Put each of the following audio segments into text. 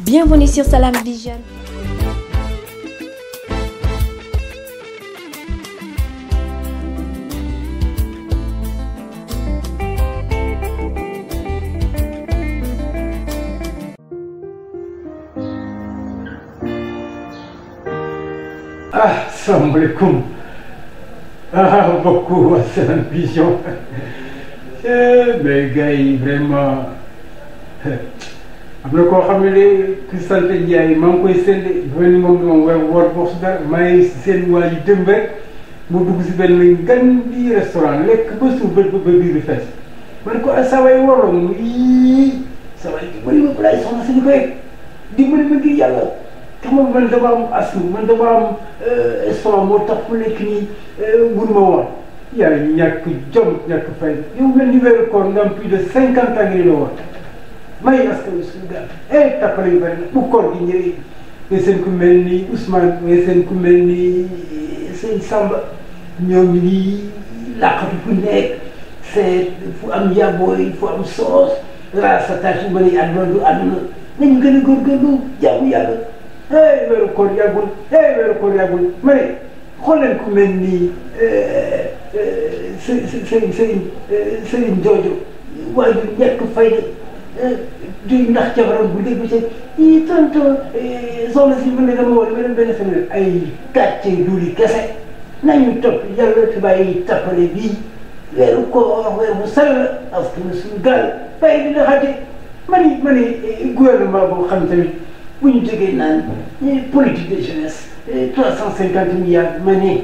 Bienvenue sur Salam Vision. ah salaamaaleykum ah mbokku waa Salam Vision eh, mais gars yi vraiment. am na koo xam ne de ki sant Ndiaye maa ngi koy séntu benn moom moom war war bokk si dara maa ngi seen waa ji démb rek mu dugg si benn gan bi restaurant lekk ba suuf ba ba biir bi fees man ko ah, saa waay waroon yii saa waay dimbali ma balaa soxna si ñu ko di dimbali ma ngir yàlla te moom man dama am asu man dama am restaurant euh, moo tax fu nekk nii euh, mun ma woon yàlla ñàkk jom ñàkk fay yow mel ni weeru koor nga am plus de cinquante ans ngeen la may askan wi suñu gaal ay tappale yu bëri bu koor gi ñëwee nga seen ku mel ni Ousmane nga ku mel ni Samba ñoom ñu ngi làqatu fu nekk seet fu am yabooy fu am soos raas sa tâche bu bëri àdduna du àdduna nañ gën hey weeru koor yàggul hey weeru koor yàggul ma ne xool ku mel ni së së sëriñ sëriñ sëriñ joojo waaye du ñàkk fayda di ndax jabaram bu dégg ci i tontu e, soxna si mën na dama woon beneen benn ay gàcce duuli kese nañu topp yàlla te ba tappale bii weeru koor weer bu sell askan wi suñu gaal bàyyi di naxate ma ni ma ni e, gouvernement boobu xam tamit bu ñu jógee naan e, politique de jeunesse trois cent cinquante milliards ma ne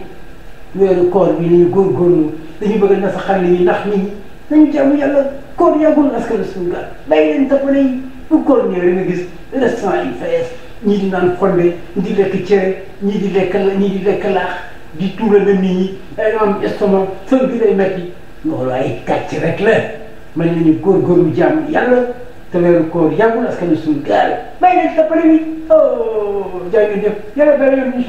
weeru koor bi nañu góorgóorlu dañu bëgg na sa xale yi ndax nit ñi nañu jaamu yàlla kon yàggul askanu Sénégal bàyyi leen dapane yi bu koor ñëwee nga gis restaurant yi fees ñii di naan fonde ñii di lekk cere ñii di lekk la ñii di lekk laax di tuurale nit ñi ay am estomac seen bi day metti loolu ay kàcc rek la mën nañu góorgóorlu jàmm yàlla te weeru koor yàggul askanu Sénégal bàyyi leen dapane yi oh jaay ngeen jëf yàlla bàyyi leen